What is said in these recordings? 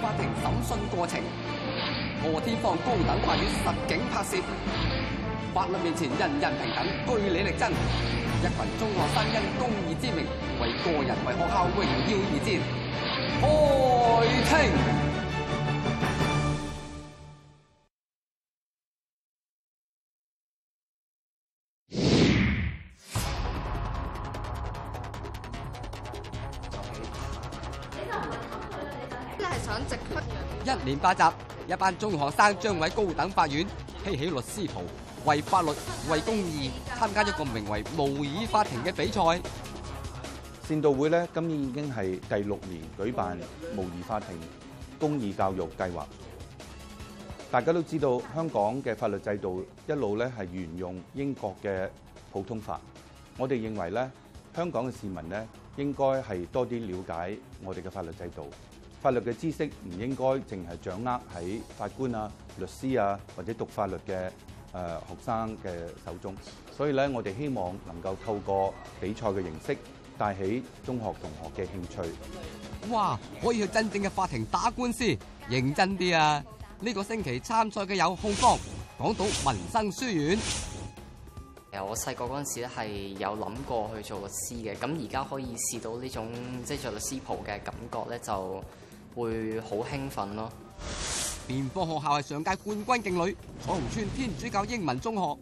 法庭審訊過程，何天放高等法院實景拍攝。法律面前人人平等，據理力爭。一群中學生因公義之名，為個人為學校榮耀而戰。開庭。八集，一班中學生將喺高等法院披起律師袍，為法律為公義參加一個名為模擬法庭嘅比賽。善導會咧今年已經係第六年舉辦模擬法庭公義教育計劃。大家都知道香港嘅法律制度一路咧係沿用英國嘅普通法。我哋認為咧香港嘅市民咧應該係多啲了解我哋嘅法律制度。法律嘅知識唔應該淨係掌握喺法官啊、律師啊或者讀法律嘅誒、呃、學生嘅手中，所以咧我哋希望能夠透過比賽嘅形式帶起中學同學嘅興趣。哇！可以去真正嘅法庭打官司，認真啲啊！呢個星期參賽嘅有控方港島民生書院。誒，我細個嗰陣時咧係有諗過去做律師嘅，咁而家可以試到呢種即係做律師鋪嘅感覺咧就～會好興奮咯！辯方學校係上屆冠軍勁旅，彩虹邨天主教英文中學。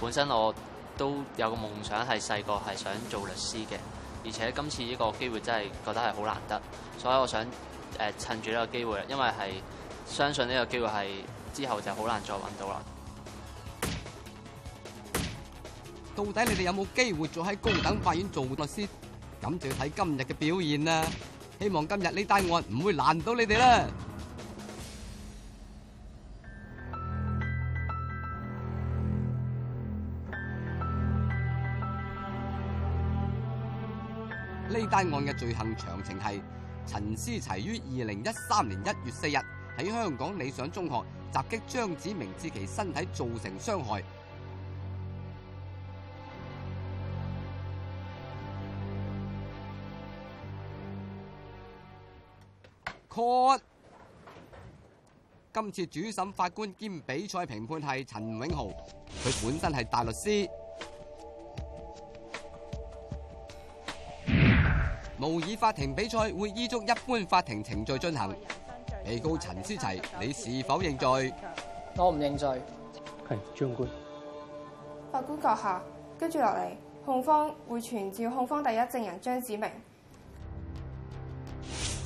本身我都有個夢想，係細個係想做律師嘅，而且今次呢個機會真係覺得係好難得，所以我想誒、呃、趁住呢個機會，因為係相信呢個機會係之後就好難再搵到啦。到底你哋有冇機會再喺高等法院做律師？咁就要睇今日嘅表現啦。希望今日呢單案唔會難到你哋啦。呢單案嘅罪行詳情係陳思齊於二零一三年一月四日喺香港理想中學襲擊張子明，致其身體造成傷害。今次主審法官兼比賽評判係陳永豪，佢本身係大律師。模擬法庭比賽會依足一般法庭程序進行。被告陳思齊，你是否認罪？我唔認罪。係張官。法官閣下，跟住落嚟，控方會傳召控方第一證人張子明。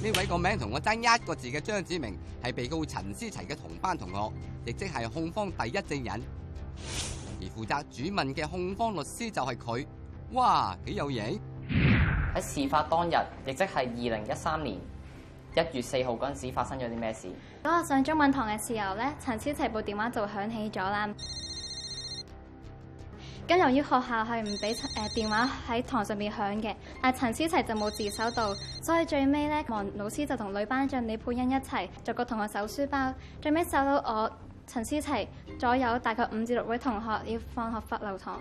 呢位個名同我爭一個字嘅張子明係被告陳思齊嘅同班同學，亦即係控方第一證人，而負責主問嘅控方律師就係佢。哇，幾有型！喺事發當日，亦即係二零一三年一月四號嗰陣時，發生咗啲咩事？當我上中文堂嘅時候咧，陳思齊部電話就響起咗啦。跟由於學校係唔俾誒電話喺堂上面響嘅，但陳思齊就冇自首到，所以最尾咧，黃老師就同女班長李佩欣一齊逐個同學搜書包，最尾搜到我陳思齊左右大概五至六位同學要放學罰留堂。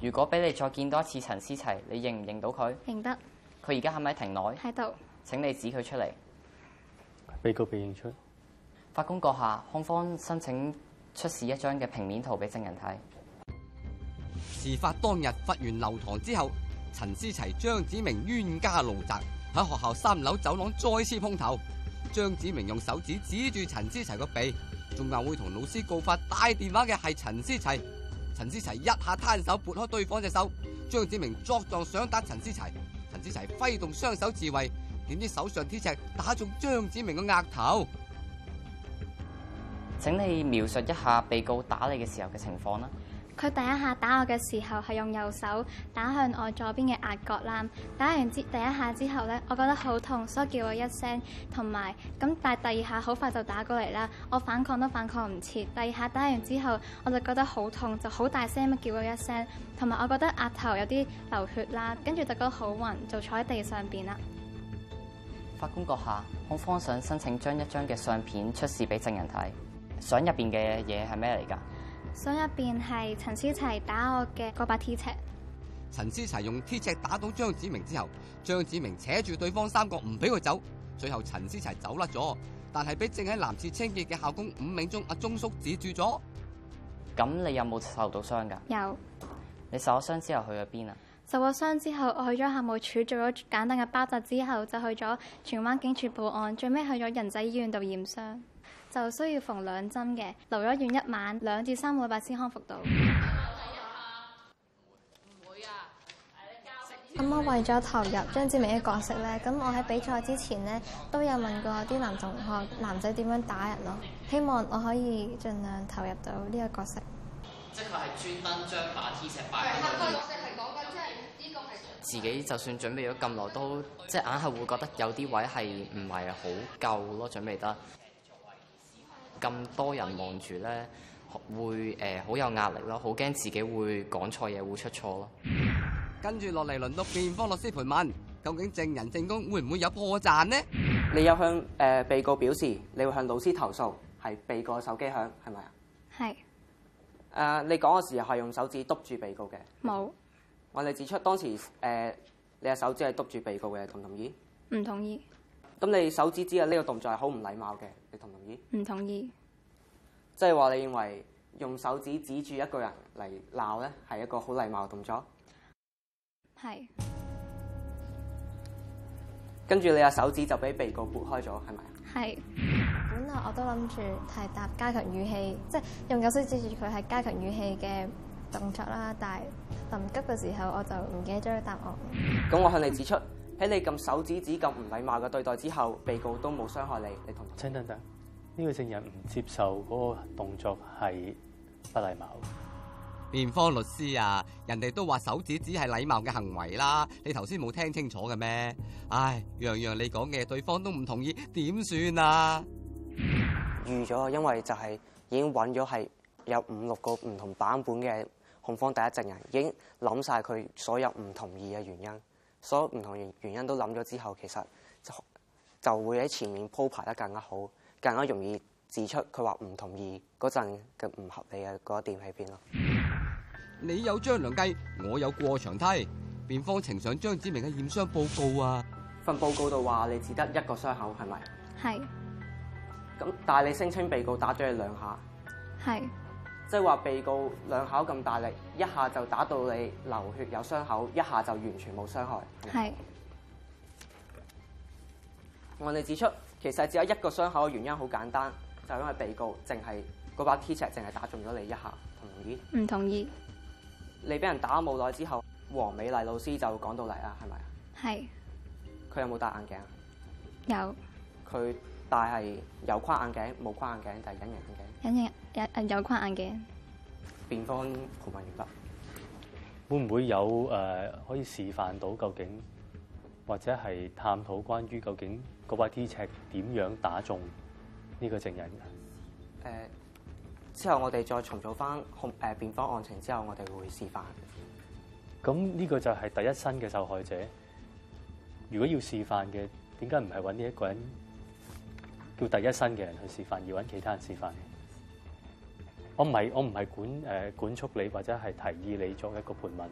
如果俾你再見多一次陳思齊，你認唔認到佢？認得。佢而家係咪喺庭內？喺度。請你指佢出嚟。被告被認出。法官閣下，控方申請出示一張嘅平面圖俾證人睇。事發當日，罰完留堂之後，陳思齊、張子明冤家路窄，喺學校三樓走廊再次碰頭。張子明用手指指住陳思齊個鼻，仲話會同老師告發帶電話嘅係陳思齊。陳思齊一下攤手撥開對方隻手，張子明作狀想打陳思齊，陳思齊揮動雙手自衛，點知手上鐵尺打中張子明嘅額頭。請你描述一下被告打你嘅時候嘅情況啦。佢第一下打我嘅時候係用右手打向我左邊嘅額角啦，打完之第一下之後咧，我覺得好痛，所以叫我一聲，同埋咁但係第二下好快就打過嚟啦，我反抗都反抗唔切，第二下打完之後我就覺得好痛，就好大聲咁叫咗一聲，同埋我覺得額頭有啲流血啦，跟住就覺得好暈，就坐喺地上邊啦。法官閣下，控方想申請將一張嘅相片出示俾證人睇，相入邊嘅嘢係咩嚟噶？箱入邊係陳思齊打我嘅嗰把鐵尺。陳思齊用鐵尺打到張子明之後，張子明扯住對方三角唔俾佢走，最後陳思齊走甩咗，但係俾正喺男廁清潔嘅校工伍明忠阿忠叔止住咗。咁你有冇受到傷噶？有。你受咗傷之後去咗邊啊？受咗傷之後，我去咗校務處做咗簡單嘅包紮之後，就去咗荃灣警署報案，最尾去咗仁濟醫院度驗傷。就需要縫兩針嘅，留咗院一晚，兩至三個禮拜先康復到。唔會啊！咁我為咗投入張子明嘅角色咧，咁我喺比賽之前咧都有問過啲男同學、男仔點樣打人咯。希望我可以盡量投入到呢個角色。即係佢係專登將把 T 恤擺喺邊？自己就算準備咗咁耐，都即係硬係會覺得有啲位係唔係好夠咯，準備得。咁多人望住咧，會誒好、呃、有壓力咯，好驚自己會講錯嘢，會出錯咯。跟住落嚟，輪到辯方律師盤問，究竟證人證供會唔會有破綻呢？你有向誒、呃、被告表示，你會向老師投訴，係被告手機響，係咪啊？係是。誒、呃，你講嘅時候係用手指督住被告嘅？冇有。我哋指出，當時誒、呃、你嘅手指係督住被告嘅，同唔同意？唔同意。咁你手指指啊呢個動作係好唔禮貌嘅。你同唔同意？唔同意。即係話你認為用手指指住一個人嚟鬧咧，係一個好禮貌嘅動作？係是。跟住你個手指就俾被、被告撥開咗，係咪？係是。本來我都諗住係答加強語氣，即、就、係、是、用右手指住佢係加強語氣嘅動作啦。但係臨急嘅時候，我就唔記得咗答案。咁我向你指出。喺你咁手指指咁唔禮貌嘅對待之後，被告都冇傷害你，你同唔？等等等，呢個證人唔接受嗰個動作係不禮貌。辯方律師啊，人哋都話手指指係禮貌嘅行為啦，你頭先冇聽清楚嘅咩？唉，樣樣你講嘅對方都唔同意，點算啊？預咗，因為就係已經揾咗係有五六個唔同版本嘅控方第一證人，已經諗晒佢所有唔同意嘅原因。所有唔同原原因都諗咗之後，其實就就會喺前面鋪排得更加好，更加容易指出佢話唔同意嗰陣嘅唔合理嘅嗰一點喺邊咯。你有張良計，我有過牆梯，辯方呈上張子明嘅驗傷報告啊。份報告度話你只得一個傷口，係咪？係是。咁但係你聲稱被告打咗你兩下。係。即係話被告兩口咁大力，一下就打到你流血有傷口，一下就完全冇傷害。係。是我哋指出，其實只有一個傷口嘅原因好簡單，就係因為被告淨係嗰把鐵尺淨係打中咗你一下。同意？唔同意？你俾人打冇耐之後，黃美麗老師就講到嚟啦，係咪？係是。佢有冇戴眼鏡啊？有。佢。但係有框眼鏡，冇框眼鏡，就係、隱形眼鏡。隱形眼誒，有框眼鏡。辯方判問完畢，會唔會有誒、呃、可以示範到究竟，或者係探討關於究竟嗰把鐵尺點樣打中呢個證人嘅？誒、呃，之後我哋再重組翻控誒辯方案情之後，我哋會示範。咁呢、嗯、個就係第一身嘅受害者。如果要示範嘅，點解唔係揾呢一個人？要第一身嘅人去示範，而要揾其他人示範。我唔係，我唔係管誒、呃、管束你或者係提議你作一個盤問，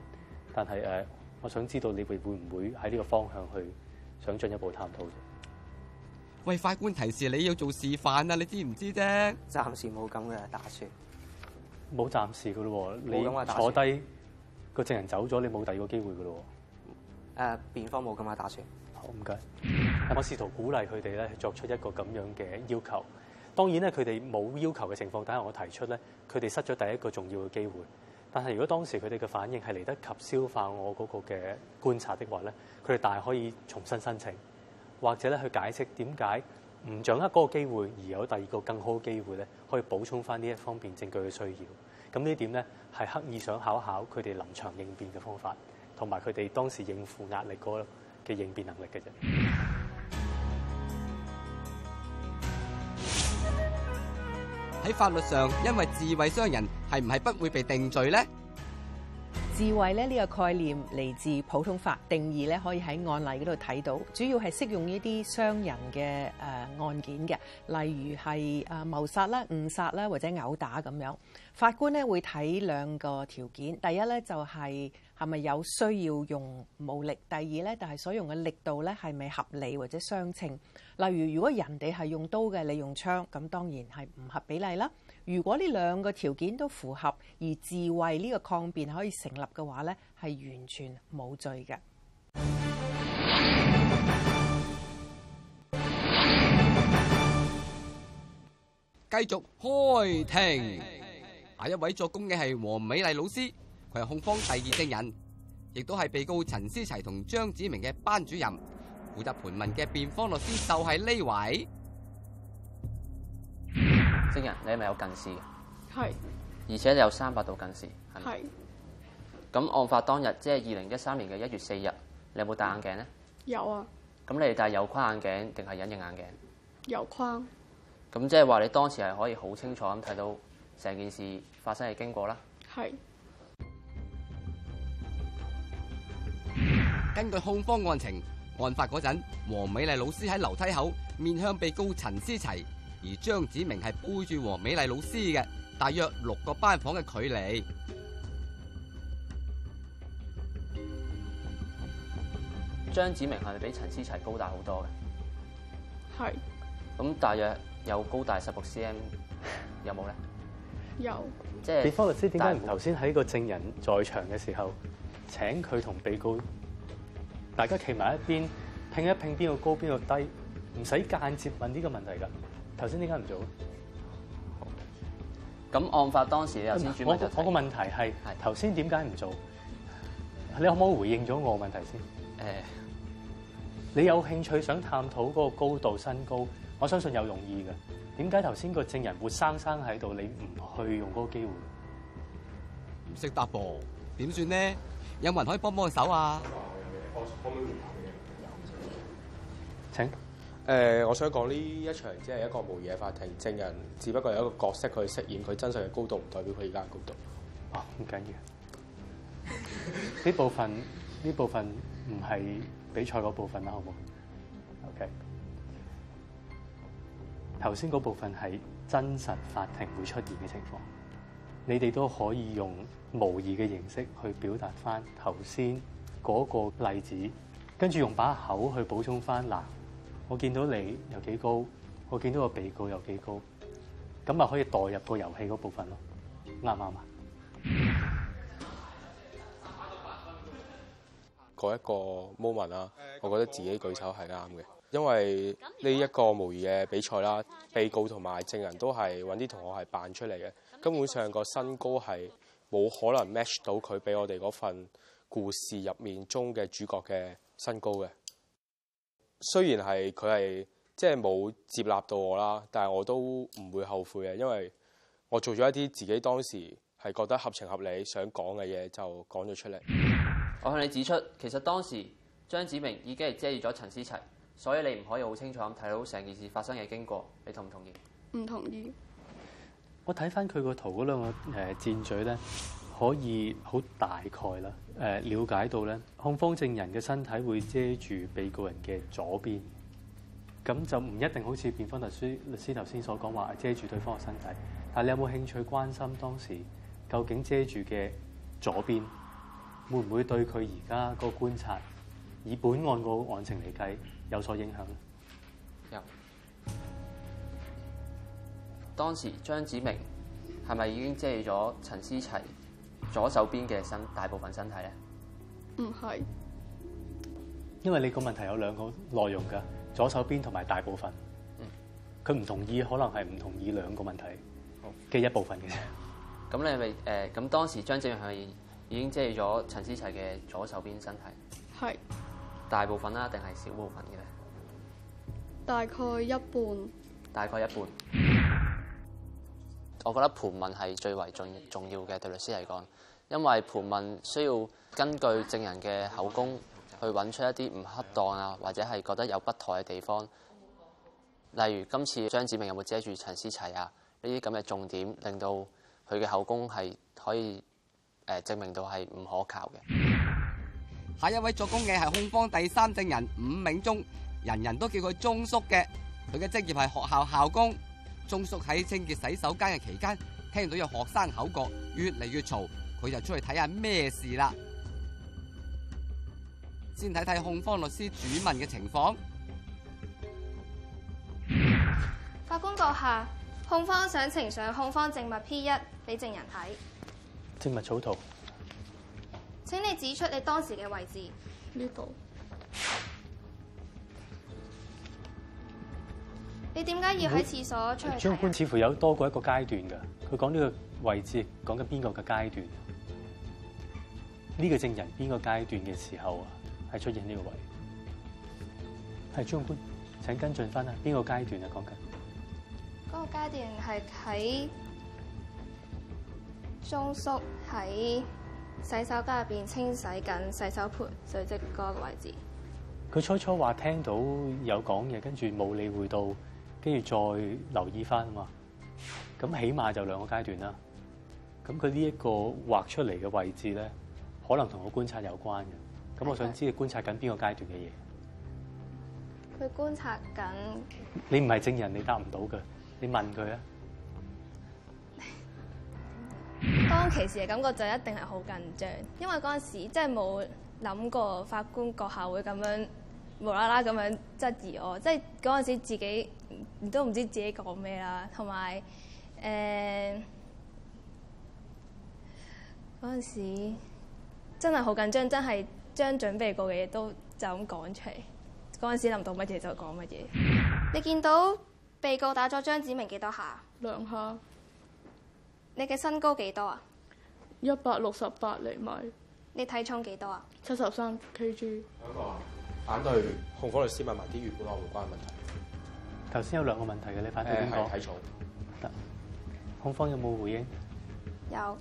但係誒、呃，我想知道你會會唔會喺呢個方向去想進一步探討啫。喂，法官提示你要做示範啊，你知唔知啫？暫時冇咁嘅打算。冇暫時嘅咯喎，你沒坐低、個證人走咗，你冇第二個機會嘅咯喎。誒、呃，辯方冇咁嘅打算。好，唔該，我試圖鼓勵佢哋咧作出一個咁樣嘅要求。當然咧，佢哋冇要求嘅情況底下，我提出咧，佢哋失咗第一個重要嘅機會。但係如果當時佢哋嘅反應係嚟得及消化我嗰個嘅觀察的話咧，佢哋大可以重新申請，或者咧去解釋點解唔掌握嗰個機會而有第二個更好嘅機會咧，可以補充翻呢一方面證據嘅需要。咁呢點咧係刻意想考一考佢哋臨場應變嘅方法，同埋佢哋當時應付壓力嗰嘅應變能力嘅人喺法律上，因為智慧傷人係唔係不會被定罪呢？智慧咧呢、這個概念嚟自普通法定義咧，可以喺案例嗰度睇到，主要係適用於啲傷人嘅誒、呃、案件嘅，例如係誒、呃、謀殺啦、誤殺啦或者毆打咁樣。法官咧會睇兩個條件，第一咧就係、是。係咪有需要用武力？第二呢，就係所用嘅力度呢，係咪合理或者相稱？例如，如果人哋係用刀嘅，你用槍，咁當然係唔合比例啦。如果呢兩個條件都符合，而自衛呢個抗辯可以成立嘅話呢，係完全冇罪嘅。繼續開庭，下一位作供嘅係黃美麗老師。佢係控方第二證人，亦都係被告陳思齊同張子明嘅班主任，負責盤問嘅辯方律師就係呢位證人。你係咪有近視？係。而且你有三百度近視，係咪？係。咁案發當日，即係二零一三年嘅一月四日，你有冇戴眼鏡呢？有啊。咁你戴有框眼鏡定係隱形眼鏡？有框。咁即係話你當時係可以好清楚咁睇到成件事發生嘅經過啦。係。根據控方案情，案發嗰陣，黃美麗老師喺樓梯口面向被告陳思齊，而張子明係背住黃美麗老師嘅，大約六個班房嘅距離。張子明係比陳思齊高大好多嘅，係咁是大約有高大十六 cm，有冇咧？ 有，即係。辯方律師點解唔頭先喺個證人在場嘅時候，請佢同被告？大家企埋一邊，拼一拼邊個高邊個低，唔使間接問呢個問題㗎。頭先點解唔做？咁案發當時又黐住我個問題係頭先點解唔做？你可唔可以回應咗我問題先？啊，你有興趣想探討嗰個高度身高，我相信有容易嘅。點解頭先個證人活生生喺度，你唔去用嗰個機會？唔識答噃，點算呢？有冇人可以幫幫手啊？嗯嗯可唔可以聯繫請、呃。我想講呢一場，即係一個模擬嘅法庭，證人只不過有一個角色去飾演佢真實嘅高度，唔代表佢而家高度。哦、啊，唔緊要。呢 部分，呢部分唔係比賽嗰部分啦，好唔好？OK。頭先嗰部分係真實法庭會出現嘅情況，你哋都可以用模擬嘅形式去表達翻頭先。嗰個例子，跟住用把口去補充翻。嗱、啊，我見到你有幾高，我見到個被告有幾高，咁啊可以代入個遊戲嗰部分咯，啱唔啱？嗰一個 moment 啦，我覺得自己舉手係啱嘅，因為呢一個模擬嘅比賽啦，被告同埋證人都係搵啲同學係扮出嚟嘅，根本上個身高係冇可能 match 到佢俾我哋嗰份。故事入面中嘅主角嘅身高嘅，雖然係佢係即係冇接納到我啦，但係我都唔會後悔嘅，因為我做咗一啲自己當時，係覺得合情合理想講嘅嘢就講咗出嚟。我向你指出，其實當時張子明已經係遮住咗陳思齊，所以你唔可以好清楚咁睇到成件事發生嘅經過，你同唔同意？唔同意。我睇翻佢個圖嗰兩個誒箭嘴咧。呃可以好大概啦，誒瞭解到咧，控方證人嘅身體會遮住被告人嘅左邊，咁就唔一定好似辯方律師律師頭先所講話遮住對方嘅身體。但係你有冇興趣關心當時究竟遮住嘅左邊會唔會對佢而家個觀察以本案個案情嚟計有所影響？有。當時張子明係咪已經遮咗陳思齊？左手邊嘅身大部分身體咧，唔係是。因為你個問題有兩個內容㗎，左手邊同埋大部分。嗯。佢唔同意，可能係唔同意兩個問題嘅一部分嘅咁好 你咪誒？咁、呃、當時張正向已經遮住咗陳思齊嘅左手邊身體。係是。大部分啦、啊，定係少部分嘅咧？大概一半。大概一半。我覺得盤問係最為重重要嘅，對律師嚟講，因為盤問需要根據證人嘅口供去揾出一啲唔恰當啊，或者係覺得有不妥嘅地方。例如今次張子明有冇遮住陳思齊啊？呢啲咁嘅重點令到佢嘅口供係可以誒證明到係唔可靠嘅。下一位作供嘅係控方第三證人伍明忠，人人都叫佢忠叔嘅，佢嘅職業係學校校工。中叔喺清潔洗手間嘅期間，聽到有學生口角，越嚟越嘈，佢就出去睇下咩事啦。先睇睇控方律師主問嘅情況。法官閣下，控方想呈上控方證物 P 一俾證人睇。證物草圖，請你指出你當時嘅位置。呢度。你點解要喺廁所出去睇？張官似乎有多過一個階段噶，佢講呢個位置講緊邊個嘅階段？呢、呢個證人邊個階段嘅時候啊，係出現呢個位置？係張官，請跟進翻啊。邊個階段啊？講緊嗰個階段係喺中宿喺洗手間入邊清洗緊洗,洗手盆水漬嗰個位置。佢初初話聽到有講嘢，跟住冇理會到。跟住再留意翻啊嘛，咁起碼就兩個階段啦。咁佢呢一個畫出嚟嘅位置咧，可能同我觀察有關嘅。咁我想知你觀察緊邊個階段嘅嘢。佢觀察緊。你唔係證人，你答唔到嘅。你問佢啊。當其時嘅感覺就一定係好緊張，因為嗰陣時即係冇諗過法官閣下會咁樣無啦啦咁樣質疑我，即係嗰陣時自己。都唔知自己講咩啦，同埋誒嗰陣時真係好緊張，真係將準備過嘅嘢都就咁講出嚟。嗰陣時諗到乜嘢就講乜嘢。你見到被告打咗張子明幾多下？兩下。你嘅身高幾多啊？一百六十八厘米。你體重幾多73，啊？七十三 kg。有一個反對控方律師問埋啲與本案無關嘅問題。頭先有兩個問題嘅，你反對點講？係體重得。控方有冇回應？有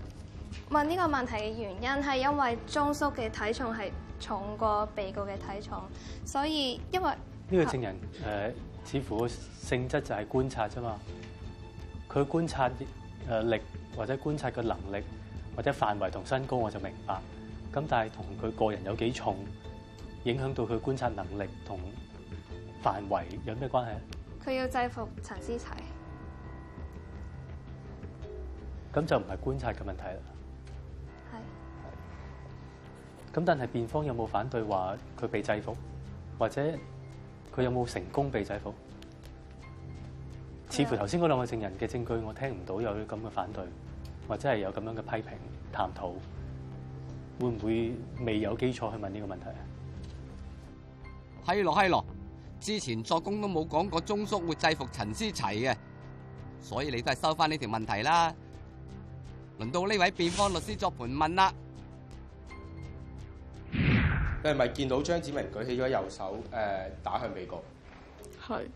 問呢個問題嘅原因係因為鍾叔嘅體重係重過被告嘅體重，所以因為呢個證人誒、啊呃，似乎性質就係觀察啫嘛。佢觀察誒力或者觀察嘅能力或者範圍同身高，我就明白。咁但係同佢個人有幾重影響到佢觀察能力同範圍有咩關係啊？佢要制服陳思齊，咁就唔係觀察嘅問題啦。係是，咁但係辯方有冇反對話佢被制服，或者佢有冇成功被制服？的似乎頭先嗰兩個證人嘅證據，我聽唔到有咁嘅反對，或者係有咁樣嘅批評探討，會唔會未有基礎去問呢個問題啊？係咯，係咯。之前作供都冇講過鐘叔會制服陳思齊嘅，所以你都係收翻呢條問題啦。輪到呢位辯方律師作盤問啦。你係咪見到張子明舉起咗右手誒、呃、打向被告？係是。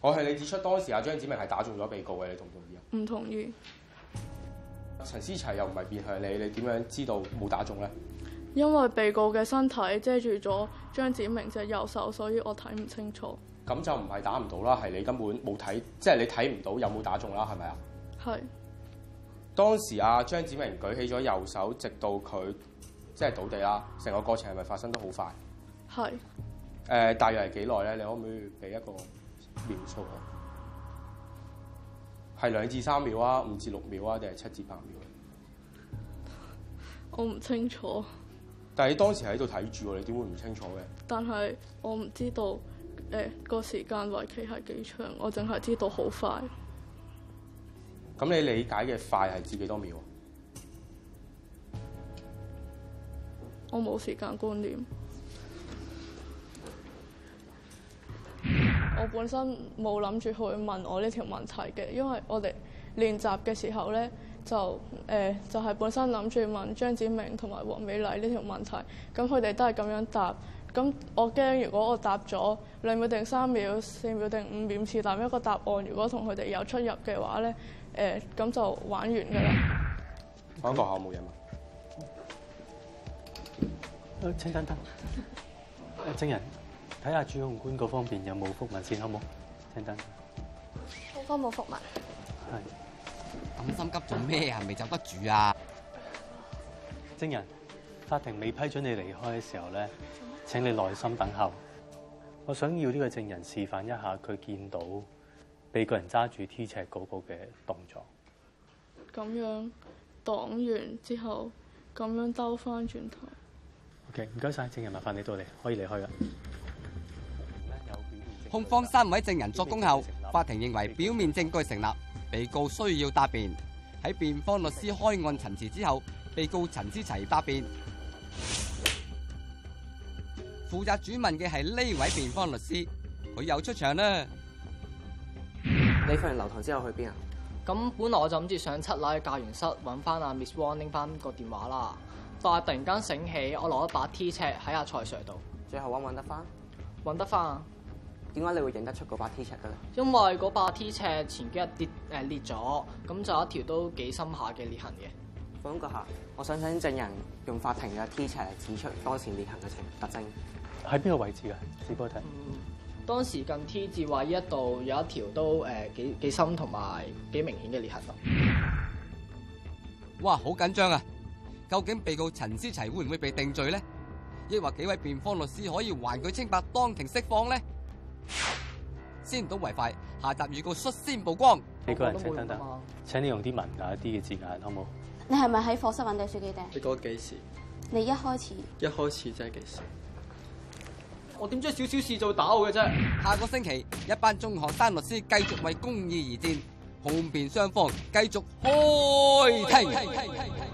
我係你指出當時阿張子明係打中咗被告嘅，你同唔同意？唔同意。陳思齊又唔係面向你，你點樣知道冇打中咧？因為被告嘅身體遮住咗張子明隻右手，所以我睇唔清楚。咁就唔係打唔到啦，係你根本冇睇，即係你睇唔到有冇打中啦，係咪啊？係。當時阿張子明舉起咗右手，直到佢即係倒地啦。成個過程係咪發生得好快？係。誒，大約係幾耐咧？你可唔可以俾一個描述我？係兩至三秒啊，五至六秒啊，定係七至八秒？我唔清楚。但係你當時喺度睇住，你點會唔清楚嘅？但係我唔知道誒、欸嗰個時間維持係幾長，我淨係知道好快。咁你理解嘅快係指幾多秒？我冇時間觀念。 我本身冇諗住去問我呢條問題嘅，因為我哋練習嘅時候咧。就誒、呃，就係、是、本身諗住問張子明同埋黃美麗呢條問題，咁佢哋都係咁樣答。咁我驚，如果我答咗兩秒定三秒、四秒定五秒次，答一個答案如果同佢哋有出入嘅話咧，誒、呃、咁就玩完㗎啦。反過後冇嘢嘛？請等等，證人，睇下主控官嗰方邊有冇覆問先，好冇？等等，好方冇覆問。係。咁心急做咩啊？未就得住啊！證人，法庭未批准你離開嘅時候咧，請你耐心等候。我想要呢個證人示範一下，佢見到被告人揸住 T 尺嗰個嘅動作。咁樣擋完之後，咁樣兜翻轉頭。OK，唔該晒，證人，麻煩你到嚟，可以離開啦。控方三位證人作供後，法庭認為表面證據成立。被告需要答辯，喺辯方律師開案陳詞之後，被告陳思齊答辯。負責主問嘅係呢位辯方律師，佢又出場啦。你翻完樓堂之後去邊啊？咁本來我就諗住上七樓去教員室搵翻阿 Miss Wong 拎翻個電話啦，但係突然間醒起，我攞一把 T 尺喺阿蔡 sir 度。最後搵唔搵得翻？搵得翻。點解你會認得出嗰把 T 尺嘅咧？因為嗰把 T 尺前幾日跌誒裂咗，咁就有一條都幾深下嘅裂痕嘅。法官閣下，我想請證人用法庭嘅 T 尺嚟指出當時裂痕嘅情特徵喺邊個位置嘅？啊？直播睇。當時近 T 字位呢度有一條都誒幾幾深同埋幾明顯嘅裂痕咯。哇！好緊張啊！究竟被告陳思齊會唔會被定罪咧？抑或幾位辯方律師可以還佢清白，當庭釋放咧？先睹為快，下集預告率先曝光。你個人請等等，請你用啲文雅啲嘅字眼好唔好？你係咪喺課室揾你書記定？你講幾時？你一開始？一開始真係幾時？我點知少少事做打我嘅啫？下個星期一班中學生律師繼續為公義而戰，控辯雙方繼續開